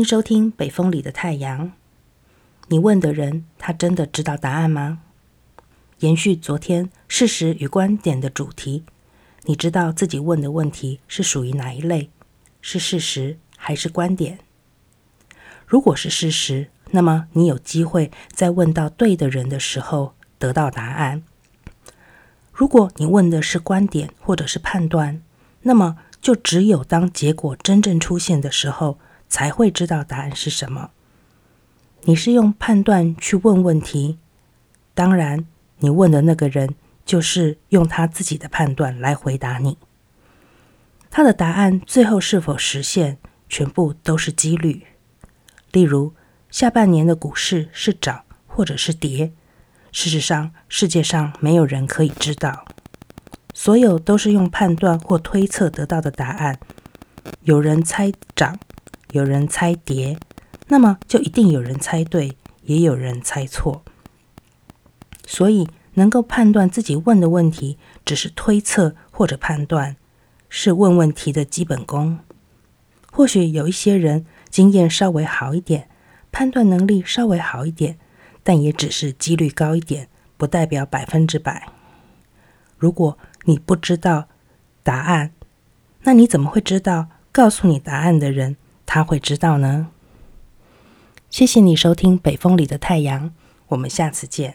歡迎收聽《北風裡的太陽》。你問的人，他真的知道答案嗎？延續昨天事實與觀點的主題，你知道自己問的問題是屬於哪一類？是事實還是觀點？如果是事實，那麼你有機會在問到對的人的時候得到答案。如果你問的是觀點或者是判斷，那麼就只有當結果真正出現的時候，才會知道答案是什麼。你是用判斷去問問題，當然，你問的那個人就是用他自己的判斷來回答你。他的答案最後是否實現，全部都是幾率。例如，下半年的股市是漲或者是跌，事實上，世界上沒有人可以知道，所有都是用判斷或推測得到的答案。有人猜漲。有人猜諜，那麼就一定有人猜對，也有人猜錯。所以，能夠判斷自己問的問題只是推測或者判斷，是問問題的基本功。或許有一些人經驗稍微好一點，判斷能力稍微好一點，但也只是幾率高一點，不代表百分之百。如果你不知道答案，那你怎麼會知道，告訴你答案的人，他會知道呢？謝謝你收聽《北風裡的太陽》，我們下次見。